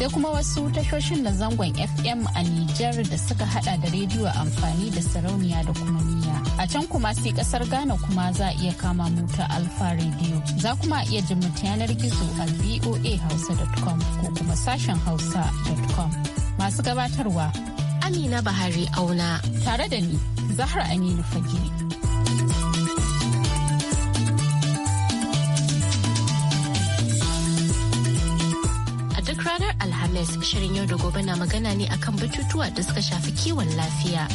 sai kuma wasu tashoshin na zangon fm a Nijar da suka hada da rediyo amfani da sarauniya da kuma niya a can kuma sai kasar ghana kuma za a iya kama mu alfa radio za kuma a iya jin ta yanar gizo a voa hausa.com ko kuma sashen hausa.com masu gabatarwa amina bahari auna tare da ni zahra aminu fage Agnes shirin yau da gobe na magana ne akan batutuwa da suka shafi kiwon lafiya.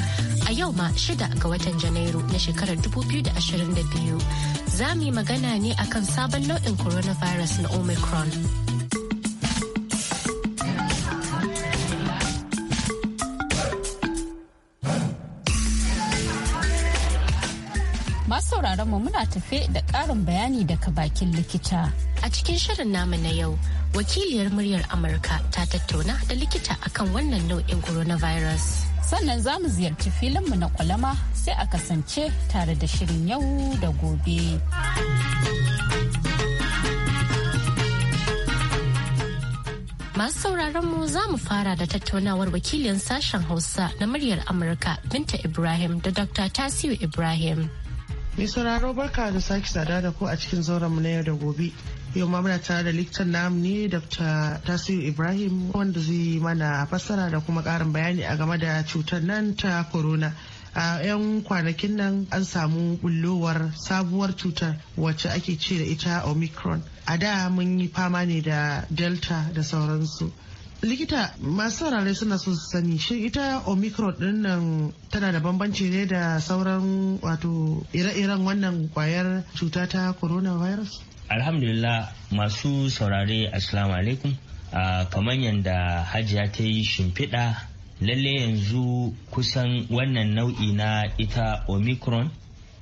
A yau ma shida ga watan Janairu na shekarar 2022 za mu yi magana ne akan sabon nau'in coronavirus na Omicron. Masu sauraron mu muna tafe da ƙarin bayani daga bakin likita. A cikin shirin namu na yau wakiliyar muryar Amurka ta tattauna da likita akan wannan nau'in coronavirus. Sannan za mu ziyarci filinmu na kwalama sai a kasance tare da shirin yau da gobe. Masu sauraron mu za mu fara da tattaunawar wakilin sashen Hausa na muryar Amurka Binta Ibrahim da Dr. Tasiu Ibrahim. Mai sauraro barka da sake sada da ku a cikin zauren mu na yau da gobe. yau ma muna tare da likitan namu ne dr tasiru ibrahim wanda zai mana fassara da kuma karin bayani a game da cutar nan ta corona a 'yan kwanakin nan an samu bullowar sabuwar cutar wacce ake ce da ita omicron a da mun yi fama ne da delta da sauransu likita masu sarare suna so su sani shi ita omicron din nan tana da bambanci ne da sauran wato ire-iren wannan kwayar cuta ta coronavirus alhamdulillah masu saurare assalamu alaikum ah, kamar yadda hajiya ta yi shimfiɗa lalle yanzu kusan wannan nau'i na ita omicron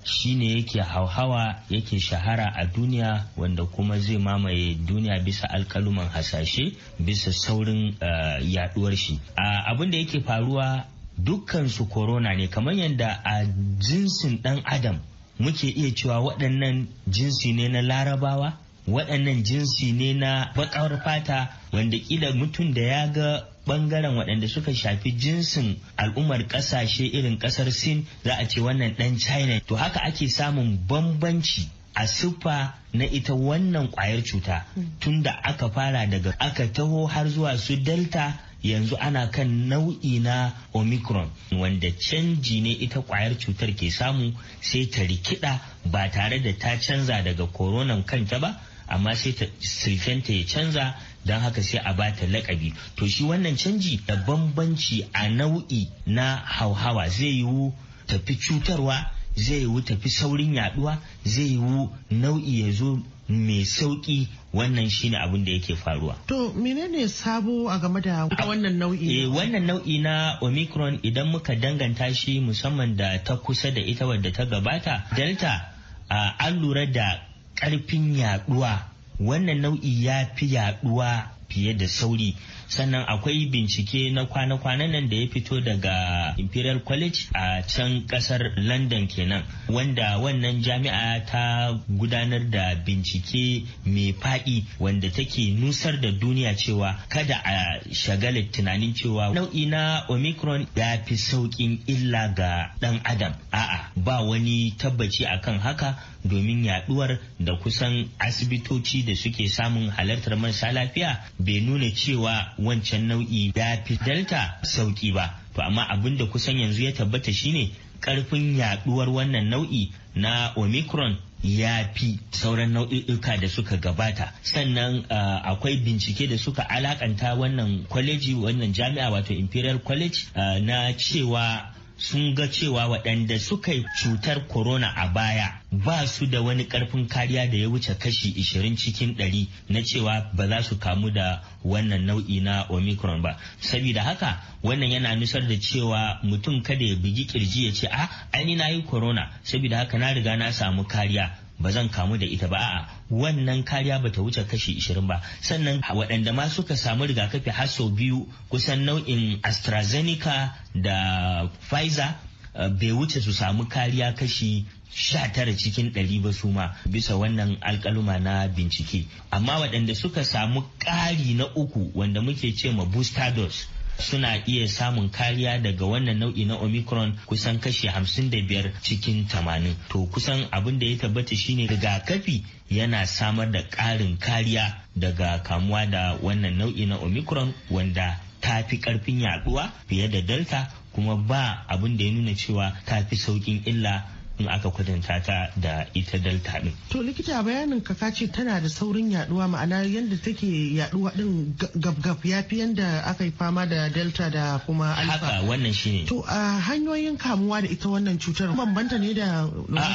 shine yake hauhawa yake shahara a duniya wanda kuma zai mamaye duniya bisa alkaluman hasashe bisa saurin uh, ah, yaduwar shi uh, abin da yake faruwa dukkan su corona ne kamar yadda a jinsin dan adam muke iya cewa waɗannan jinsi ne na larabawa waɗannan jinsi ne na baƙar fata wanda kila mutum da ya ga bangaren waɗanda suka shafi jinsin al'ummar ƙasashe irin ƙasar sin za a ce wannan ɗan china to haka ake samun bambanci a siffa na ita wannan kwayar cuta hmm. tunda aka fara daga aka taho har zuwa su delta yanzu ana kan nau'i na omicron wanda canji ne ita kwayar cutar ke samu sai ta rikida ba tare da ta canza daga koronan kanta ba amma sai ta silfenta ya canza don haka sai a ba ta lakabi to shi wannan canji da bambanci a nau'i na hauhawa zai yiwu tafi cutarwa zai yiwu tafi saurin yaduwa zai yiwu nau'i ya zo mai sauki wannan shine abin da yake faruwa. To menene sabo a game da wannan nau'i? Eh wannan nau'i na Omicron idan muka danganta shi musamman da ta kusa da ita wadda ta gabata Delta an lura da ƙarfin yaduwa wannan nau'i ya fi yaduwa fiye da sauri sannan akwai bincike na kwana kwana nan da ya fito daga imperial college a can kasar london kenan wanda wannan jami'a ta gudanar da bincike mai faɗi wanda take nusar da duniya cewa kada a shagala tunanin cewa nau'i na omicron ya fi sauƙin illa ga ɗan adam a'a ba wani tabbaci akan haka domin yaduwar da kusan asibitoci da suke samun halartar marasa lafiya bai nuna cewa wancan nau'i ya fi delta sauki ba to amma abin da kusan yanzu ya tabbata shine karfin yaduwar wannan nau'i na omicron ya fi sauran nau'i'uka da suka gabata sannan uh, akwai bincike da suka alakanta wannan kwaleji wannan jami'a wato imperial college uh, na cewa sun ga cewa waɗanda suka yi cutar corona a baya ba su da wani ƙarfin kariya da ya wuce kashi 20 cikin 100 na cewa ba za su kamu da wannan nau'i na omicron ba saboda haka wannan yana nusar da cewa mutum kada ya bugi kirji ya ce a ah, ni na yi corona saboda haka na riga na samu kariya ba zan kamu da ita ba a'a wannan kariya bata wuce kashi 20 ba sannan waɗanda ma suka samu rigakafi har sau biyu kusan nau'in AstraZeneca da Pfizer eh, bai wuce su samu kariya kashi sha tara cikin ɗari ba su ma bisa wannan alkaluma na bincike amma waɗanda suka samu ƙari na uku wanda muke ce ma booster dose suna iya samun kariya daga wannan nau'i na omicron kusan kashi hamsin da biyar cikin tamanin to kusan abin da ya tabbata shine rigakafi yana samar da ƙarin kariya daga kamuwa da wannan nau'i na omicron wanda ta fi ƙarfin yaduwa fiye da delta kuma ba abin da ya nuna cewa ta fi sauƙin illa in aka kwatanta ta da ita delta din. To likita bayanin ka ce tana da saurin yaduwa ma'ana yadda take yaduwa din gabgab ya fi yadda aka yi fama da delta da kuma alpha. Haka wannan shine. To a hanyoyin kamuwa da ita wannan cutar bambanta ne da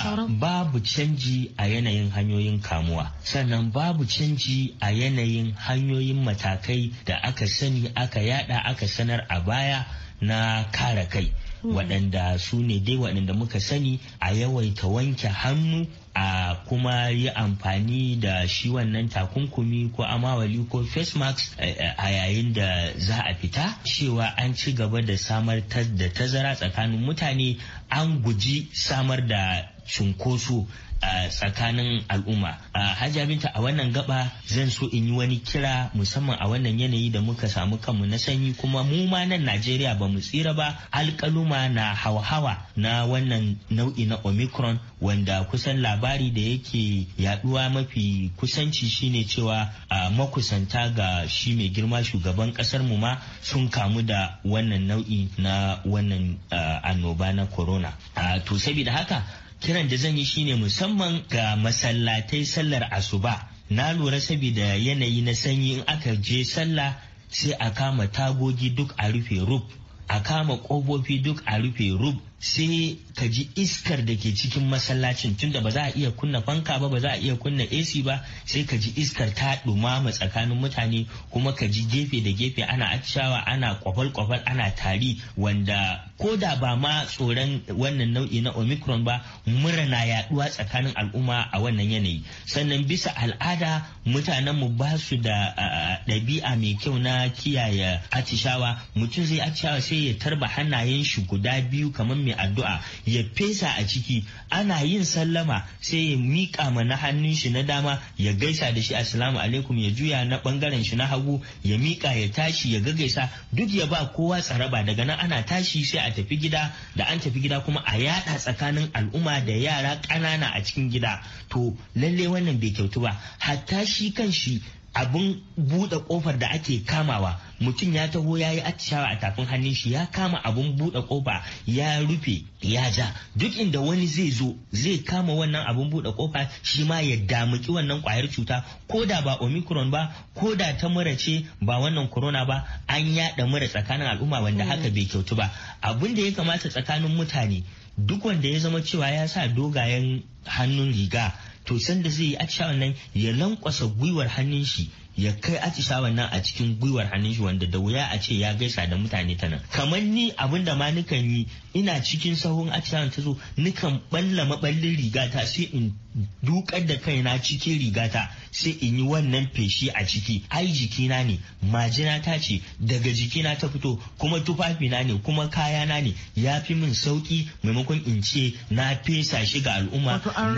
sauran? Babu canji a yanayin hanyoyin kamuwa sannan babu canji a yanayin hanyoyin matakai da aka sani aka yada aka sanar a baya na kare kai. Hmm. waɗanda su ne dai waɗanda muka sani a yawaita wanke hannu a kuma yi amfani da shi wannan takunkumi ko amawali ko face mask a yayin da za a fita cewa an ci gaba da samar da tazara tsakanin mutane an guji samar da cunkoso a tsakanin al'umma a hajja binta a wannan gaba zan so in yi wani kira musamman a wannan yanayi da muka samu kanmu na sanyi kuma mu ma nan najeriya ba mu tsira ba alkaluma na hauhawa na wannan nau'i na omicron wanda kusan labari da yake yaduwa mafi kusanci shine cewa a makusanta ga shi mai girma shugaban kasar mu ma sun kamu da wannan nau'i na wannan annoba na corona to saboda haka kiran da zan yi shine musamman ga masallatai sallar asuba na lura saboda yanayi na sanyi in aka je sallah sai a kama tagogi duk a rufe rub a kama kobofi duk a rufe rub sai ka ji iskar da ke cikin masallacin tunda ba za a iya kunna fanka ba ba za a iya kunna AC ba sai ka ji iskar ta dumama tsakanin mutane kuma ka ji gefe da gefe ana atishawa ana kwafal-kwafal ana tari wanda ko da ba ma tsoron wannan nau'i na omicron ba mura na yaduwa tsakanin al'umma a wannan yanayi sannan bisa al'ada mutanen mu ba su da ɗabi'a mai kyau na kiyaye atishawa mutum zai atishawa sai ya tarba hannayen shi guda biyu kamar mai addu'a ya fesa a ciki ana yin sallama sai ya miƙa ma na hannun shi na dama ya gaisa da shi assalamu alaikum ya juya na bangaren shi na hagu ya mika ya tashi ya gaggaisa duk ya ba kowa tsaraba daga nan ana tashi sai a tafi gida da an tafi gida kuma a yada tsakanin al'umma da yara ƙanana a cikin gida to lalle wannan bai kyautu ba hatta shi kan shi abin buɗe ƙofar da ake kamawa mutum ya taho ya yi atishawa a tafin hannun shi ya kama abin buɗe ƙofa ya rufe ya ja duk inda wani zai zo zai kama wannan abin buɗe ƙofa shi ma ya damuki wannan kwayar cuta ko da ba omicron ba ko da ta mura ce ba wannan corona ba an yaɗa mura tsakanin al'umma wanda hmm. haka bai kyautu ba abin da ya kamata tsakanin mutane duk wanda ya zama cewa ya sa dogayen hannun riga to sanda zai yi cewa nan ya lankwasa gwiwar hannun shi ya kai atishawan nan a cikin gwiwar hannun shi wanda da wuya a ce ya gaisa da mutane ta nan kamar ni abin da ma nikan yi ina cikin sahun atishawan ta zo Nukan balla maballin rigata sai in dukar da kaina cikin rigata sai in yi wannan feshi a ciki ai jikina ne majina ta ce daga jikina ta fito kuma tufafina ne kuma kayana ne ya fi min sauki maimakon in ce na fesa shi ga al'umma an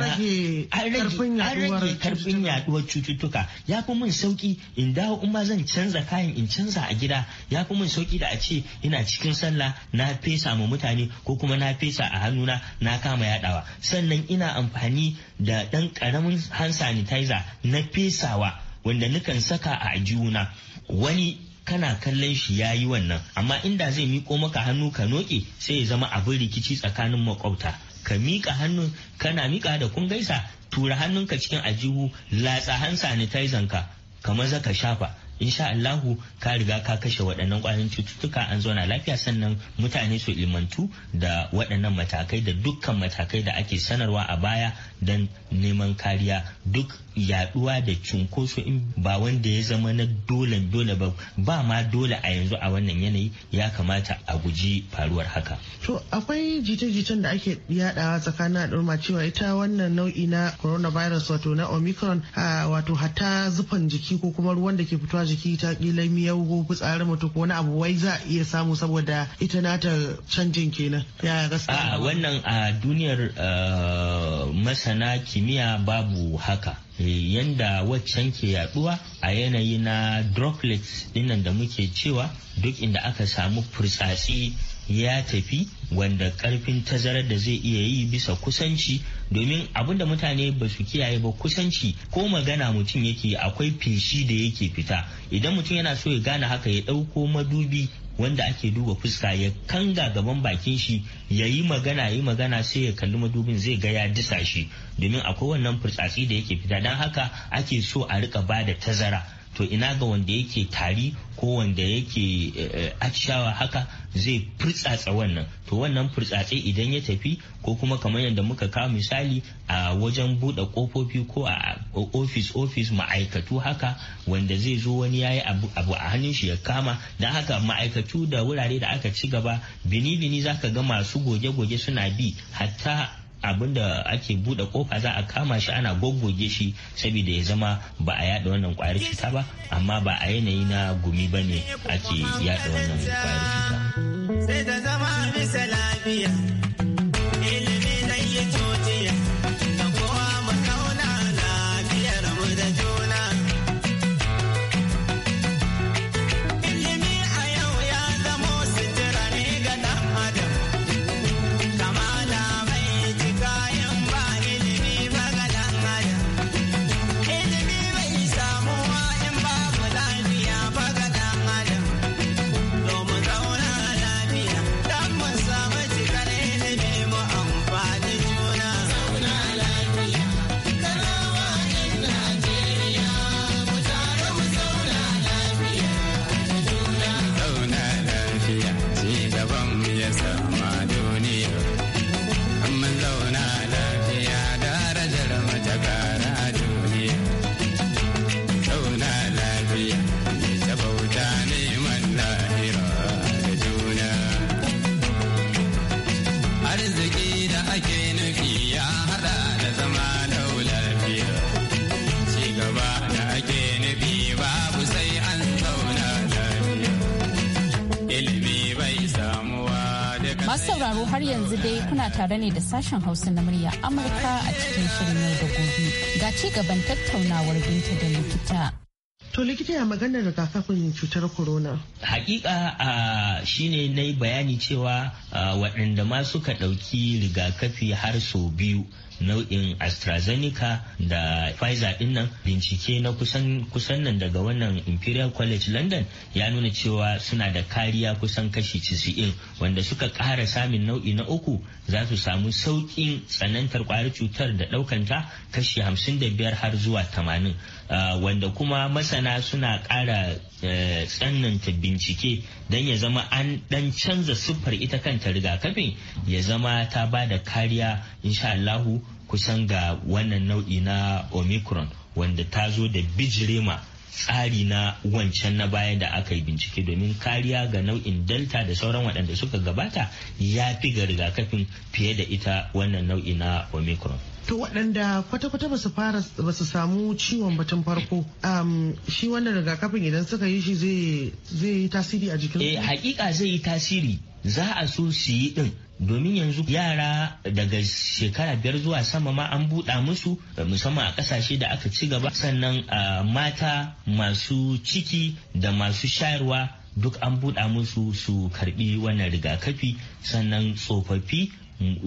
rage karfin yaduwar cututtuka ya fi min sauki in dawo in ma zan canza kayan in canza a gida ya fi min sauki da a ce ina cikin sallah na fesa ma mutane ko kuma na fesa a hannuna na kama yaɗawa sannan ina amfani da ɗan karamin hand sanitizer na fesawa wanda nukan saka a ajiyuna wani kana kallon shi ya yi wannan amma inda zai miko maka hannu ka noke sai ya zama abin rikici tsakanin makwabta ka miƙa hannun kana miƙa da kun gaisa tura hannunka cikin ajihu latsa hand sanitizer ka kamar ka shafa insha Allahu ka riga ka kashe waɗannan ƙwayoyin cututtuka an zauna lafiya sannan mutane su ilmantu da waɗannan matakai da dukkan matakai da ake sanarwa a baya don neman kariya duk yaduwa da cunkoso in ba wanda ya zama na dole dole ba ba ma dole a yanzu a wannan yanayi ya kamata a guji faruwar haka. To akwai jita-jitan da ake yadawa tsakanin al'umma cewa ita wannan nau'i na coronavirus wato na omicron wato hatta zufan jiki ko kuma ruwan da ke fitowa jiki ta kila miyau ko fitsarin mutu ko wani abu wai za iya samu saboda ita nata canjin kenan. Ya gaskiya. wannan a duniyar eh, masa na kimiyya babu haka eh, yanda waccan ke yaduwa a yanayi na droplets dinnan da muke cewa duk inda aka samu furtsatsi ya tafi wanda karfin tazarar da zai iya yi bisa kusanci domin abinda mutane ba su kiyaye ba kusanci ko magana mutum yake akwai feshi da yake fita idan mutum yana so ya gane haka ya ɗauko madubi wanda ake duba fuska ya kanga gaban bakin shi ya yi magana ya yi magana sai ya kalli madubin zai ga ya disa shi domin akwai wannan furtsatsi da yake fita don haka ake so a rika ba da tazara to ina ga wanda yake tari ko wanda yake eh, eh, atishawa haka zai furtsatsa wannan to wannan furtsatse idan ya tafi ko kuma kamar yadda muka kawo misali a wajen buɗe kofofi ko a ofis ofis ma'aikatu haka wanda zai zo wani ya yi abu a hannun shi ya kama don haka ma'aikatu da wurare da aka ci gaba bini bini za ka ga masu goge goge suna bi hatta abin da ake bude kofa za a kama shi ana goggoge shi saboda ya zama ba a yada wannan kwayar cuta ba amma ba a yanayi na gumi ba ne ake yada wannan kwayar cuta. sashen Hausa na murya Amurka a cikin shirin yau da gobe. Ga ci gaban tattaunawar binta da likita. To likita ya maganar rigakafin cutar corona. Hakika a shine na yi bayani cewa waɗanda ma suka ɗauki rigakafi har sau biyu nau'in AstraZeneca da Pfizer din nan bincike na kusan kusan nan daga wannan Imperial College London ya nuna cewa suna da kariya kusan kashi 90 wanda suka ƙara samun nau'i na uku za su samu sauƙin tsanantar kwari cutar da ɗaukanta kashi 55 har zuwa 80 ah, wanda kuma masana suna ƙara Eh, tsananta bincike don ya zama an dan canza siffar ita kanta rigakafin ya zama ta ba da kariya insha Allahu kusan ga wannan nau'i na omicron wanda ta zo da bijirema tsari na wancan na baya da aka yi bincike domin kariya ga nau'in delta da sauran waɗanda suka gabata ya fi ga rigakafin fiye da ita wannan nau'i na omicron. to waɗanda kwata-kwata ba su fara ba su samu ciwon batun farko um, shi wannan rigakafin idan suka yi shi zai yi tasiri a jikin eh hakika zai yi tasiri za a so su yi ɗin domin yanzu yara daga shekara biyar zuwa sama ma an buɗa musu musamman a ƙasashe da aka ci gaba sannan mata masu ciki da masu shayarwa duk an buɗa musu su karɓi wannan rigakafi sannan tsofaffi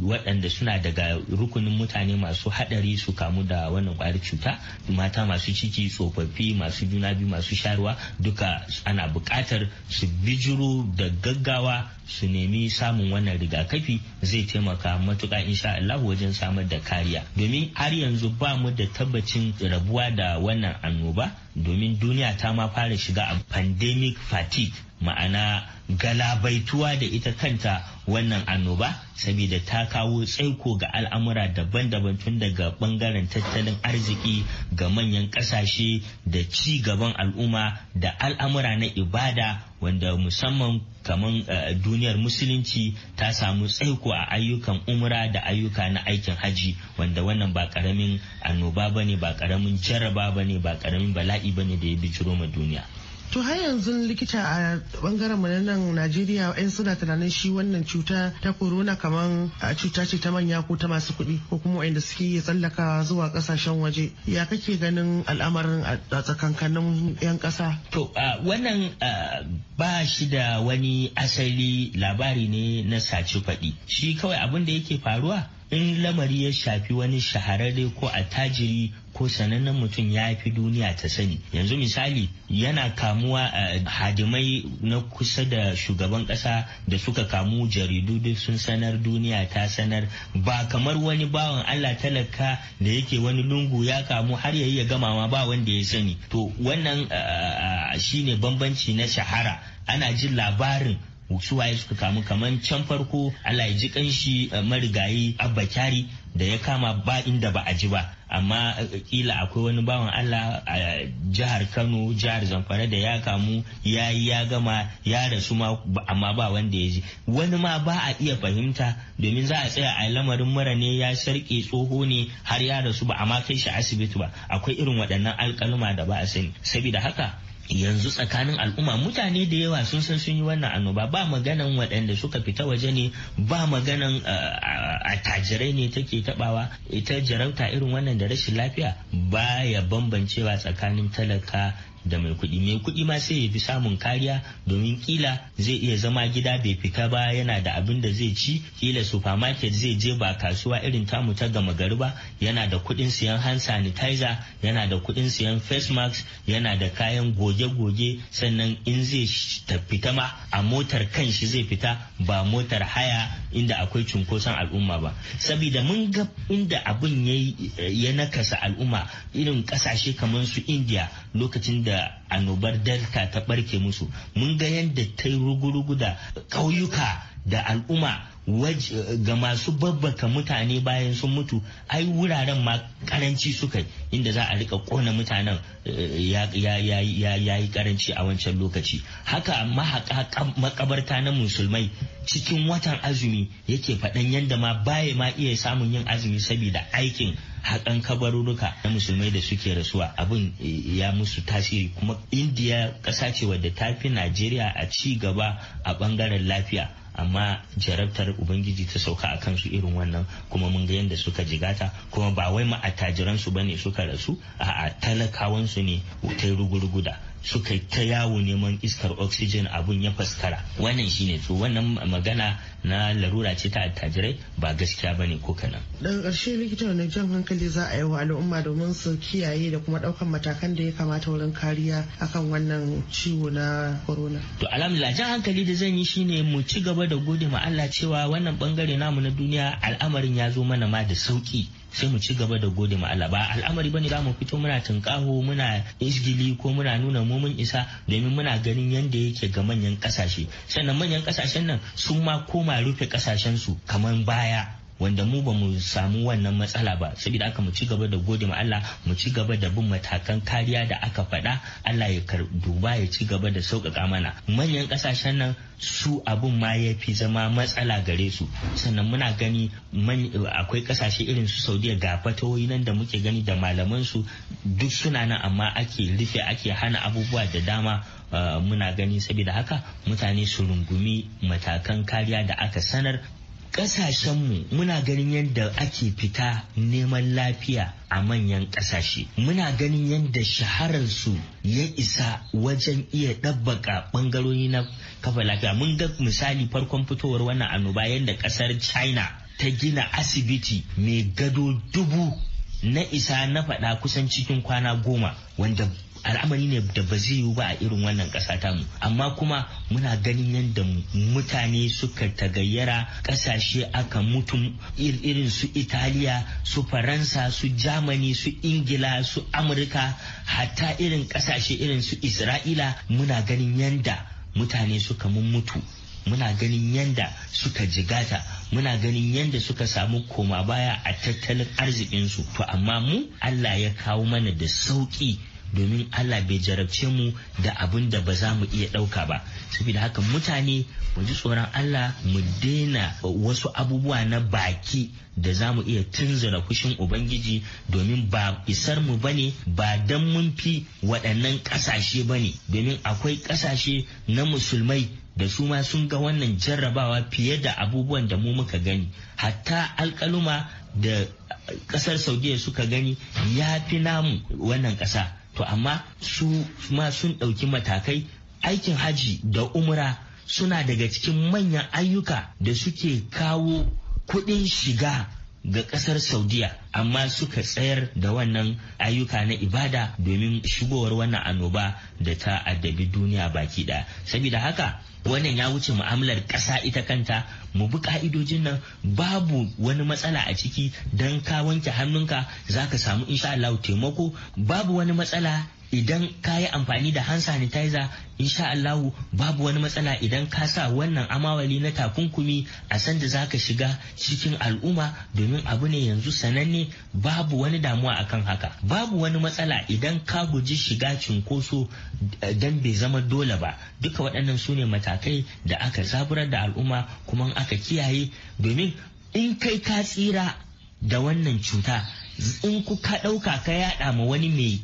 waɗanda suna daga rukunin mutane masu haɗari su kamu da wannan ƙwayar cuta mata masu ciki tsofaffi masu juna biyu masu sharuwa duka ana buƙatar su bijiro da gaggawa su nemi samun wannan rigakafi zai taimaka matuƙa insha Allah wajen samar da kariya domin har yanzu ba mu da tabbacin rabuwa da wannan annoba domin duniya ta ma fara shiga a pandemic fatigue ma'ana galabaituwa da ita kanta wannan annoba saboda ta kawo tsaiko ga al'amura daban-daban tun daga bangaren tattalin arziki ga manyan kasashe da ci gaban al'umma da al'amura na ibada wanda musamman kamar eh, duniyar musulunci ta samu tsaiko a ayyukan umra da ayyuka na aikin haji wanda wannan ba karamin annoba ba ne ba karamin jaraba ne ba karamin bala'i bane da ya bijiro ma duniya To har yanzu likita a bangaren mu nan Najeriya yan suna tunanin shi wannan cuta ta corona kaman cuta ce ta manya ko ta masu kuɗi ko kuma wanda suke tsallaka zuwa kasashen waje. Ya kake ganin al'amarin a tsakankanin yan ƙasa? To wannan ba shi da wani asali labari ne na sace faɗi. Shi kawai abin da yake faruwa in lamari ya shafi wani shahararre ko attajiri ko sanannen mutum ya fi duniya ta sani yanzu misali yana kamuwa a eh, hadimai na kusa da shugaban kasa da suka kamu jaridu duk sun sanar duniya ta sanar ba kamar wani bawan allah talaka da yake wani lungu ya kamu har yayi ya gama ma ba wanda ya sani to wannan eh, eh, shine bambanci na shahara ana jin labarin su waye suka kamu kaman can farko Allah ya ji kanshi eh, marigayi abba da ya kama ba inda ba a ji ba amma eh, kila akwai wani bawan Allah a jihar Kano jihar Zamfara da ya kamu ya yi ya gama ya rasu ma amma ba wanda ya ji wani ma ba a iya fahimta domin za a tsaya a lamarin mura ne ya sarke tsoho ne har ya rasu ba amma kai shi asibiti ba akwai irin waɗannan alƙaluma da ba a sani saboda haka yanzu tsakanin al'umma mutane da yawa sun san sun yi wannan annoba ba maganan waɗanda suka fita waje ne ba maganan eh, attajirai ne take tabawa ita jarauta irin wannan da rashin lafiya ba ya bambancewa tsakanin talaka da mai kuɗi mai kuɗi ma sai ya fi samun kariya domin kila zai iya zama gida bai fita ba yana da abin da zai ci kila supermarket zai je ba kasuwa irin tamu ta gama gari ba yana da kuɗin siyan hand sanitizer yana da kuɗin siyan face mask yana da kayan goge-goge sannan in zai fita ma a motar kan shi zai fita ba motar haya inda akwai cunkoson al'umma ba saboda mun ga inda abin ya nakasa al'umma irin kasashe kamar su india lokacin da da annobar delta ta barke musu mun ga yadda ta yi rugu da ƙauyuka da al'umma ga masu babbaka mutane bayan sun mutu ai wuraren ma karanci suka inda za a rika kona mutanen eh, ya yi karanci a wancan lokaci haka mahaƙa makabarta na musulmai cikin watan azumi yake faɗan yadda ma baya ma iya samun yin azumi saboda aikin haƙan kabarurruka. na musulmai da suke rasuwa abin eh, ya musu tasiri kuma indiya ƙasa ce wadda ta fi najeriya a ci gaba a ɓangaren lafiya amma jarabtar ubangiji ta sauka a kansu irin wannan kuma mun ga yadda suka jigata kuma ba wai ma attajiran bane suka rasu a'a talakawan su ne ta ruguruguda suka ta yawo neman iskar oxygen abun ya faskara wannan shine to wannan magana na larura ce ta attajirai ba gaskiya ba ne ko kanan. daga ƙarshe likita wani jan hankali za a yi wa al'umma domin su kiyaye da kuma ɗaukan matakan da ya kamata wurin kariya akan wannan ciwo na corona. to alhamdulillah jan hankali da zan yi shine mu ci gaba da gode ma Allah cewa wannan bangare namu na duniya al'amarin ya zo mana ma da sauki sai mu ci gaba da gode ma Allah ba al'amari bane za mu fito muna tunkaho muna isgili ko muna nuna mu mun isa domin muna ganin yanda yake ga manyan kasashe sannan manyan kasashen nan sun ma koma rufe kasashen su kamar baya wanda mu ba mu samu wannan matsala ba saboda aka mu ci gaba da gode ma Allah mu ci gaba da bin matakan kariya da aka faɗa Allah ya duba ya ci gaba da sauƙaƙa mana manyan ƙasashen nan su abun ma ya fi zama matsala gare su sannan muna gani akwai ƙasashe irin su Saudiya ga fatawoyi nan da muke gani da malaman su duk suna nan amma ake rufe ake hana abubuwa da dama eh, muna gani saboda haka mutane su rungumi matakan kariya da aka sanar Ƙasashenmu muna ganin yadda ake fita neman lafiya a manyan ƙasashe muna ganin yadda shahararsu ya isa wajen iya ɗabbaka ɓangarori na kafa lafiya mun ga misali farkon fitowar wannan annoba yadda ƙasar china ta gina asibiti mai gado dubu na isa na faɗa kusan cikin kwana goma wanda al'amari ne da ba zai yiwu ba a irin wannan ƙasa tamu amma kuma muna ganin yadda mutane suka tagayyara ƙasashe aka mutu irin su italiya su faransa su Jamani su ingila su amurka hatta irin ƙasashe irin su isra'ila muna ganin yadda mutane suka mutu muna ganin yadda suka jigata muna ganin yadda suka samu koma baya a tattalin arzikinsu to amma mu allah ya kawo mana da sauƙi domin Allah bai jarabce mu da abin da ba za mu iya ɗauka ba saboda haka mutane mu ji tsoron Allah mu daina wasu abubuwa na baki da za mu iya tunzura kushin ubangiji domin ba isar mu bane ba don mun fi waɗannan ƙasashe ne domin akwai ƙasashe na musulmai da su ma sun ga wannan jarrabawa fiye da abubuwan da mu muka gani hatta alkaluma da ƙasar saudiya suka gani ya fi namu wannan ƙasa. to amma su ma sun ɗauki matakai aikin haji da umra suna daga cikin manyan ayyuka da suke kawo kuɗin shiga ga kasar saudiya amma suka tsayar da wannan ayyuka na ibada domin shigowar wannan annoba da ta addabi duniya baki ɗaya saboda haka wannan ya wuce mu'amalar ƙasa ita kanta mu bi ka'idojin nan babu wani matsala a ciki don ka wanke hannunka za ka samu insha taimako babu wani matsala idan ka yi amfani da hand sanitizer insha Allah babu wani matsala idan ka sa wannan amawali na takunkumi a sanda za ka shiga cikin al'umma domin abu ne yanzu sananne babu wani damuwa akan haka babu wani matsala idan ka guji shiga cinkoso eh, dan bai zama dole ba duka waɗannan su ne matakai da aka zaburar da al'umma kuma aka kiyaye domin in kai ka tsira da wannan cuta in ku ka ɗauka ka yaɗa ma wani mai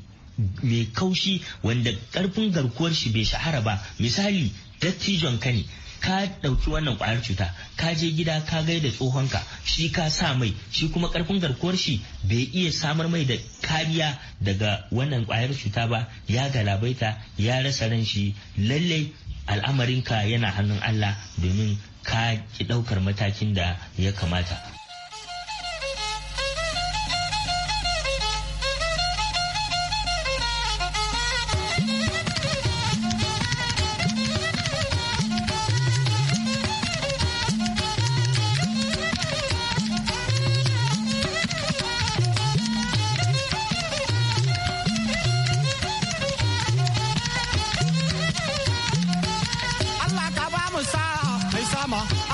mai kaushi wanda karfin garkuwar shi bai shahara ba misali dattijon ka ne ka ɗauki wannan kwayar cuta ka je gida ka gai gaida tsohonka shi ka sa mai shi kuma karfin garkuwar shi bai iya samar mai da kariya daga wannan kwayar cuta ba ya galabaita ya rasa ran shi lallai al'amarinka yana hannun Allah domin ka ki ɗaukar matakin da ya kamata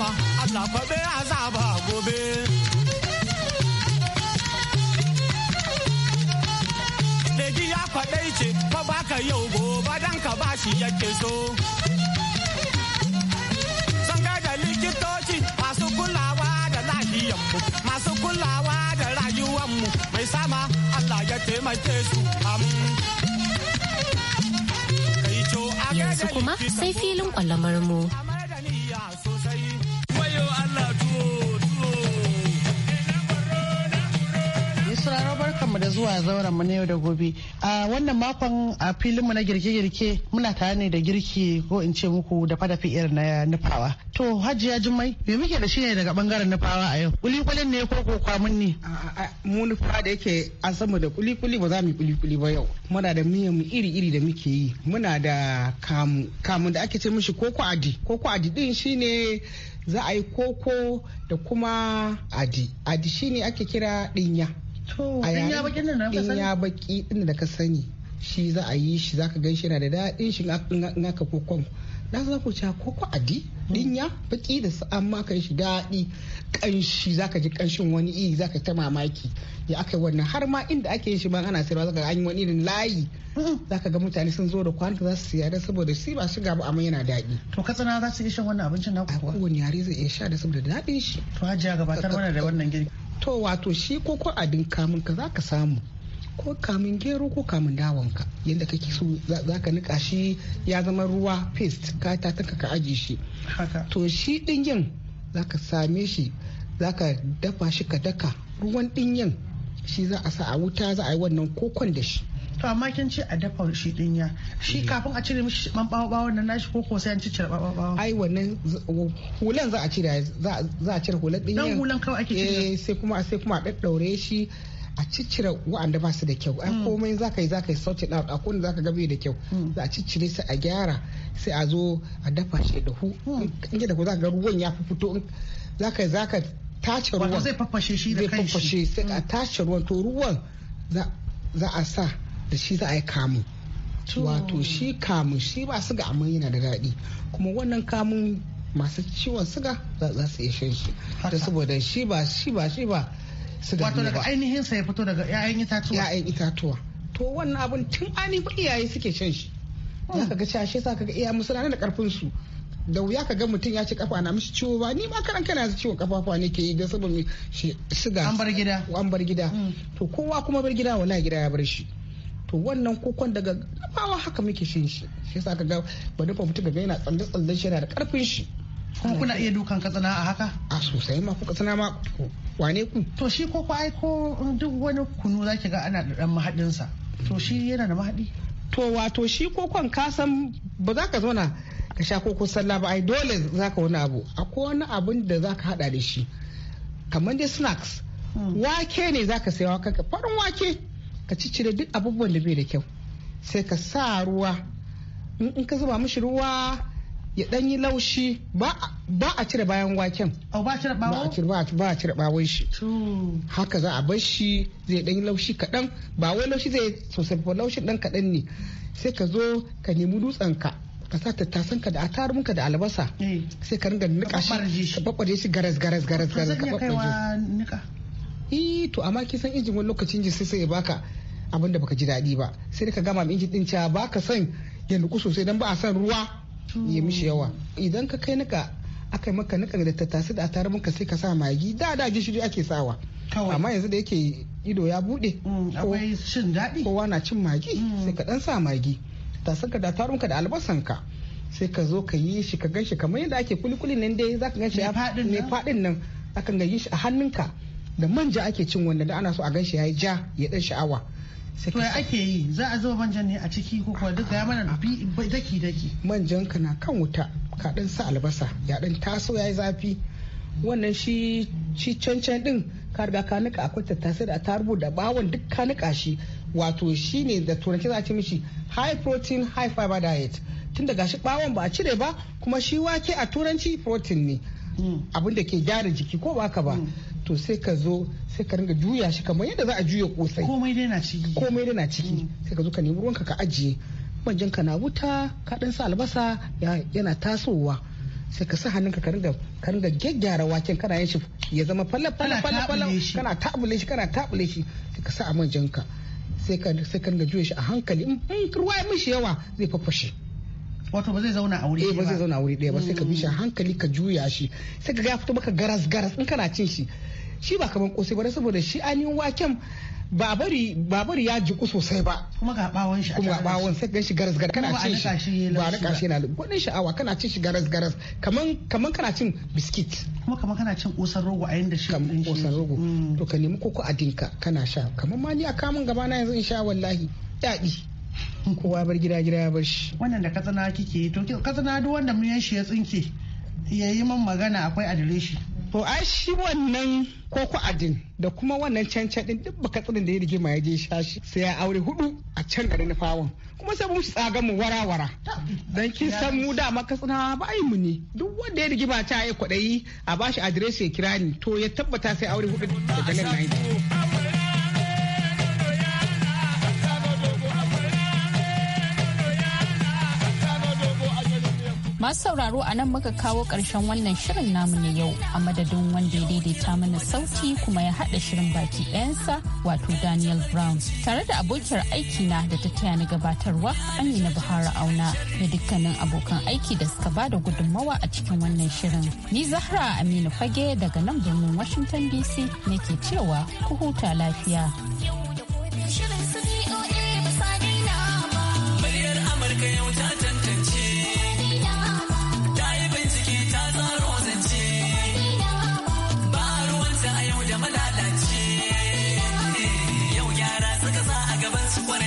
azaba Allah azaba gobe Leji ya kwaɗai ce yau gobe dan ka bashi yake so da likitoci masu kulawa da lahiyanmu masu kulawa da mai sama Allah ya taimake su amin yanzu kuma sai filin kwalamar mu. mu da zuwa zauren mu na yau da gobe. A wannan makon a filin mu na girke-girke muna tare ne da girki ko in ce muku da fadafi irin na nufawa. To Hajiya Jummai me muke da shi ne daga bangaren nufawa a yau? Kulikulin ne ko ko kwamin ne? Mu nufa da yake an samu da kulikuli ba za mu yi kulikuli ba yau. Muna da miyan mu iri-iri da muke yi. Muna da kamu kamu da ake ce mishi koko adi. Koko adi din shi ne za a yi koko da kuma adi adi shi ne ake kira dinya a in ya baki din da ka sani shi za a yi shi zaka gan shi na da daɗin shi in aka kokon na za ku cewa koko adi dinya baki da su amma kan shi daɗi kanshi zaka ji kanshin wani iri zaka ta mamaki ya aka yi wannan har ma inda ake yin shi ma ana sayarwa zaka ga an yi wani irin layi zaka ga mutane sun zo da kwanuka za su siya da saboda shi ba shiga ba amma yana daɗi to katsina za su yi shan wannan abincin na kuwa Wani yare zai iya sha da saboda daɗin shi to hajiya gabatar mana da wannan girki to wato shi ko ko abin kamun ka zaka samu ko kamun gero ko kamun dawanka yadda kake so za ka nika shi ya zama ruwa paste ka ta ka aji shi to shi dinyin za ka same shi za ka dafa shi ka daka ruwan dinyin shi za a sa a wuta za a yi wannan kokon da shi to amma kin ce a dafa shi dinya shi mhm. kafin a cire mishi man bawo bawo nan nashi ko sai an cire bawo bawo ai wannan hulan za a cire za a cire hulan dinya dan hulan kawai ake cire eh sai kuma sai kuma a daddaure shi a ciccire wa'anda ba su da kyau a komai za ka yi za ka yi sauti da a kun za ka gabe da kyau za a ciccire sai a gyara sai a zo a dafa shi da hu in da ku za ka ga ruwan ya fito za ka za ka tace ruwan zai fafashe shi da kanshi zai fafashe sai a tace ruwan to ruwan za a sa da shi za a yi kamun wato shi kamun shi ba suga amma yana da daɗi kuma wannan kamun masu ciwon suga za su iya shan shi da saboda shi ba shi ba shi ba suga wato daga ainihin sa ya fito daga 'ya'yan itatuwa 'ya'yan itatuwa to wannan abun tun ani ba iyaye suke shan shi hmm. za ka ga cashe za ka ga iya musu da karfin su da wuya ka ga mutum ya ci kafa na mishi ciwo ba ni ma karan kana ciwon kafafuwa ne ke yi da saboda shiga an bar gida an bar gida hmm. to kowa kuma bar gida wala gida ya bar shi to wannan kukon daga bawa haka muke shi shi shi yasa kaga ba dafa mutum kaga yana tsalle tsalle shi yana da karfin shi kuma kuna iya dukan katsina a haka a sosai ma ku katsina ma wane ku to shi ko ku aiko duk wani kunu zaki ga ana da dan mahadin sa to shi yana da mahadi to wato shi kokon ka san ba za ka zauna ka sha ko sallah ba ai dole za ka wani abu akwai wani abun da za ka hada da shi kamar dai snacks hmm. wake ne za ka sayawa kanka farin wake ka ciccire duk abubuwan da bai da kyau sai ka sa ruwa in ka zuba mishi ruwa ya dan yi laushi ba a cire bayan waken oh, ba a cire bawon shi haka za a bar shi zai dan yi laushi kaɗan ba wai laushi zai sosai ba laushi dan kaɗan ne sai ka zo ka nemi dutsen ka ka sa tattasan ka da atarunka ka da albasa eh. sai ka ringa nika shi ka babbaje shi garas garas garas garas ka babbaje eh to amma san injin wani lokacin ji sai sai ya baka abin da baka ji daɗi ba sai ka gama injin din ca baka san ya nuku sosai don ba a son ruwa ya mishi yawa idan ka kai nika aka maka nika da tattasai da tare ka sai ka sa magi da da gishiri ake sawa amma yanzu da yake ido ya buɗe mm, akwai cin kowa na cin magi mm. sai ka dan sa magi tasanka da ka da albasanka sai ka zo ka yi shi ka ganshi kamar yadda ake kulikuli nan dai za ka ganshi Ne faɗin nan akan ga yi shi a hannunka da manja ake cin wanda da ana so a ganshi yayi ja ya dan sha'awa to ya ake yi za a zuba manjan ne a ciki ko kuwa duk ya mana daki daki manjan ka na kan wuta ka dan sa albasa ya dan taso yayi zafi wannan shi shi cancan din ka riga ka nika akwai tattasai da tarbo da bawon duk ka nika shi wato shi ne da turanci za a ci mishi high protein high fiber diet tun daga gashi bawon ba a cire ba kuma shi wake a turanci protein ne mm. abin da ke gyara jiki ko baka ba to sai ka zo sai ka ringa juya shi kamar yadda za a juya kosai komai dai na ciki komai dai na ciki mm. sai ka zo ka nemi ruwanka ka ajiye manjan ka na wuta ka dan sa albasa yana tasowa sai ka sa hannunka ka ringa ka ringa gyaggyara waken kana yin shi ya zama falla falla falla falla kana tabule shi kana tabule shi sai ka sa a manjan ka sai ka sai ka ringa juya shi a hankali in ruwa ya mishi yawa zai fafashe wato ba zai zauna a wuri eh, ɗaya ba zai zauna a wuri ɗaya ba sai ka bi shi a mm. hankali ka juya shi sai ka ga ya fito maka garas garas in kana cin shi shi ba kamar kosai ba saboda shi ainihin waken babari ya jiku sosai ba kuma ga bawon shi kuma ga bawon sai gan shi garas garas kana cin shi ba na kashi na gwanin sha'awa kana cin shi garas garas kaman kaman kana cin biskit kuma kaman kana cin kosan rogo a yanda shi kaman kosan rogo to ka nemi koko a dinka kana sha kaman ma ni a kamun gaba na yanzu sha wallahi yaɗi. kowa bar gida gida ya bar shi wannan da katsina kike to katsina duk wanda mun shi ya tsinke yayi man magana akwai adireshi To ai shi wannan koko adin da kuma wannan cancan din duk baka tsirin da ya rigima ya je shashi sai ya aure hudu a can garin fawon kuma sai mun tsaga mu warawara dan kin san mu da maka tsina ba mu ne duk wanda ya rigima ta yi kwaɗayi a bashi adireshi ya kira ni to ya tabbata sai aure hudu daga nan 90 Masu sauraro a nan muka kawo ƙarshen wannan shirin namu ne yau a madadin wanda ya daidaita mana sauti kuma ya haɗa shirin baki ɗayansa wato Daniel Brown tare da abokiyar aiki na da ta taya ni gabatarwa Amina Buhari Auna da dukkanin abokan aiki da suka ba da gudunmawa a cikin wannan shirin. Ni Zahra Aminu Fage daga nan birnin Washington DC nake cewa ku huta lafiya.